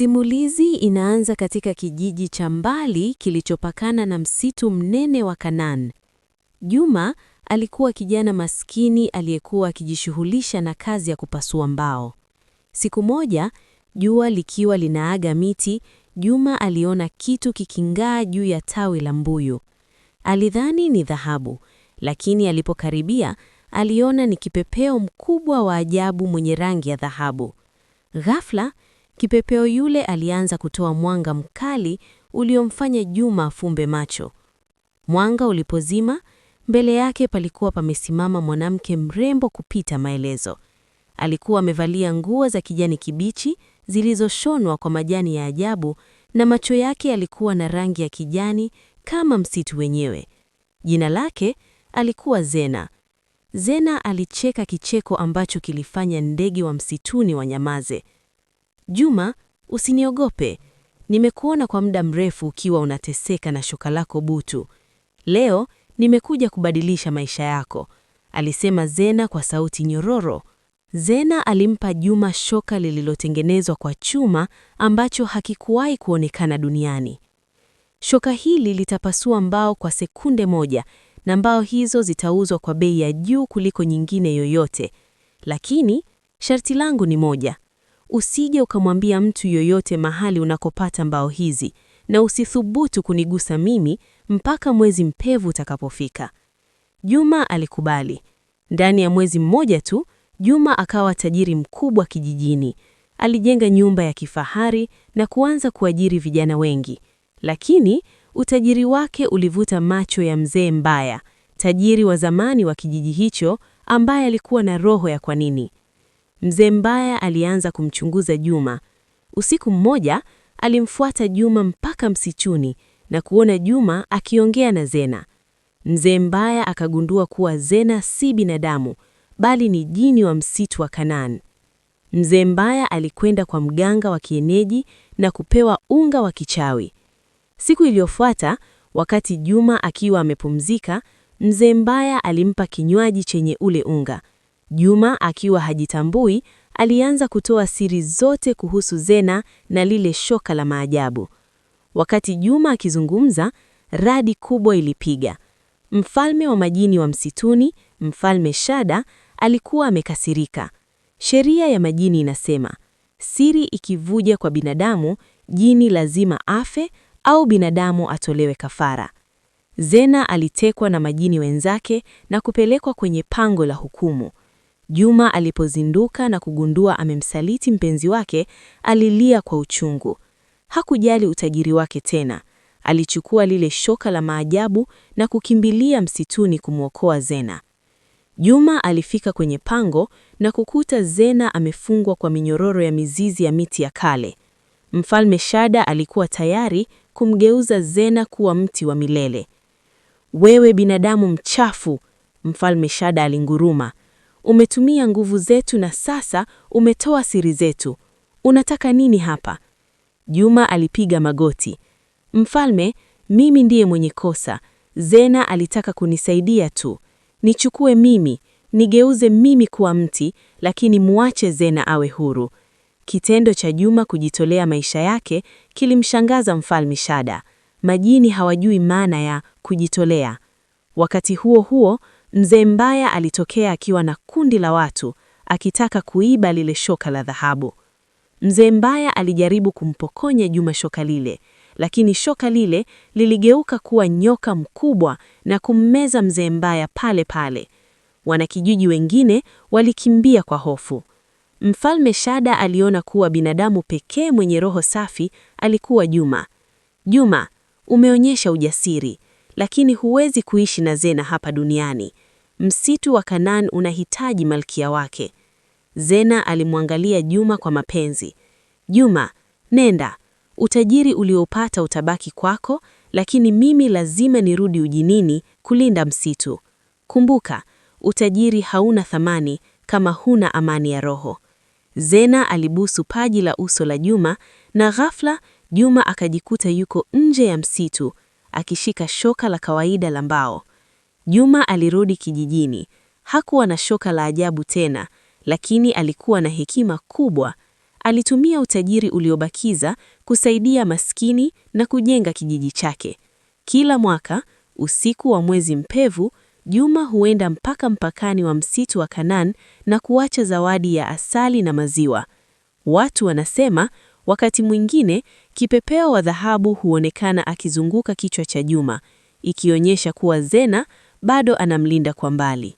Simulizi inaanza katika kijiji cha mbali kilichopakana na msitu mnene wa Kanaan. Juma alikuwa kijana maskini aliyekuwa akijishughulisha na kazi ya kupasua mbao. Siku moja, jua likiwa linaaga miti, Juma aliona kitu kiking'aa juu ya tawi la mbuyu. Alidhani ni dhahabu, lakini alipokaribia aliona ni kipepeo mkubwa wa ajabu mwenye rangi ya dhahabu. Ghafla Kipepeo yule alianza kutoa mwanga mkali uliomfanya Juma afumbe macho. Mwanga ulipozima, mbele yake palikuwa pamesimama mwanamke mrembo kupita maelezo. Alikuwa amevalia nguo za kijani kibichi zilizoshonwa kwa majani ya ajabu na macho yake yalikuwa na rangi ya kijani kama msitu wenyewe. Jina lake alikuwa Zena. Zena alicheka kicheko ambacho kilifanya ndege wa msituni wanyamaze. Juma, usiniogope. Nimekuona kwa muda mrefu ukiwa unateseka na shoka lako butu. Leo nimekuja kubadilisha maisha yako, alisema Zena kwa sauti nyororo. Zena alimpa Juma shoka lililotengenezwa kwa chuma ambacho hakikuwahi kuonekana duniani. Shoka hili litapasua mbao kwa sekunde moja na mbao hizo zitauzwa kwa bei ya juu kuliko nyingine yoyote. Lakini sharti langu ni moja. Usije ukamwambia mtu yoyote mahali unakopata mbao hizi, na usithubutu kunigusa mimi mpaka mwezi mpevu utakapofika. Juma alikubali. Ndani ya mwezi mmoja tu, Juma akawa tajiri mkubwa kijijini. Alijenga nyumba ya kifahari na kuanza kuajiri vijana wengi. Lakini utajiri wake ulivuta macho ya mzee Mbaya, tajiri wa zamani wa kijiji hicho ambaye alikuwa na roho ya kwa nini. Mzee Mbaya alianza kumchunguza Juma. Usiku mmoja alimfuata Juma mpaka msichuni na kuona Juma akiongea na Zena. Mzee Mbaya akagundua kuwa Zena si binadamu bali ni jini wa msitu wa Kanaan. Mzee Mbaya alikwenda kwa mganga wa kienyeji na kupewa unga wa kichawi. Siku iliyofuata, wakati Juma akiwa amepumzika, Mzee Mbaya alimpa kinywaji chenye ule unga. Juma akiwa hajitambui, alianza kutoa siri zote kuhusu Zena na lile shoka la maajabu. Wakati Juma akizungumza, radi kubwa ilipiga. Mfalme wa majini wa msituni, Mfalme Shada, alikuwa amekasirika. Sheria ya majini inasema, siri ikivuja kwa binadamu, jini lazima afe au binadamu atolewe kafara. Zena alitekwa na majini wenzake na kupelekwa kwenye pango la hukumu. Juma alipozinduka na kugundua amemsaliti mpenzi wake, alilia kwa uchungu. Hakujali utajiri wake tena. Alichukua lile shoka la maajabu na kukimbilia msituni kumwokoa Zena. Juma alifika kwenye pango na kukuta Zena amefungwa kwa minyororo ya mizizi ya miti ya kale. Mfalme Shada alikuwa tayari kumgeuza Zena kuwa mti wa milele. Wewe binadamu mchafu, Mfalme Shada alinguruma umetumia nguvu zetu na sasa umetoa siri zetu. Unataka nini hapa? Juma alipiga magoti. Mfalme, mimi ndiye mwenye kosa. Zena alitaka kunisaidia tu. Nichukue mimi, nigeuze mimi kuwa mti, lakini muache Zena awe huru. Kitendo cha Juma kujitolea maisha yake kilimshangaza Mfalme Shada. Majini hawajui maana ya kujitolea. Wakati huo huo, Mzee Mbaya alitokea akiwa na kundi la watu akitaka kuiba lile shoka la dhahabu. Mzee Mbaya alijaribu kumpokonya Juma shoka lile, lakini shoka lile liligeuka kuwa nyoka mkubwa na kummeza Mzee Mbaya pale pale. Wanakijiji wengine walikimbia kwa hofu. Mfalme Shada aliona kuwa binadamu pekee mwenye roho safi alikuwa Juma. Juma, umeonyesha ujasiri lakini huwezi kuishi na Zena hapa duniani. Msitu wa Kanaan unahitaji malkia wake. Zena alimwangalia Juma kwa mapenzi. Juma, nenda. Utajiri uliopata utabaki kwako, lakini mimi lazima nirudi ujinini kulinda msitu. Kumbuka, utajiri hauna thamani kama huna amani ya roho. Zena alibusu paji la uso la Juma na ghafla Juma akajikuta yuko nje ya msitu akishika shoka la kawaida la mbao. Juma alirudi kijijini. Hakuwa na shoka la ajabu tena, lakini alikuwa na hekima kubwa. Alitumia utajiri uliobakiza kusaidia maskini na kujenga kijiji chake. Kila mwaka usiku wa mwezi mpevu, Juma huenda mpaka mpakani wa msitu wa Kanaan na kuacha zawadi ya asali na maziwa. Watu wanasema wakati mwingine kipepeo wa dhahabu huonekana akizunguka kichwa cha Juma, ikionyesha kuwa Zena bado anamlinda kwa mbali.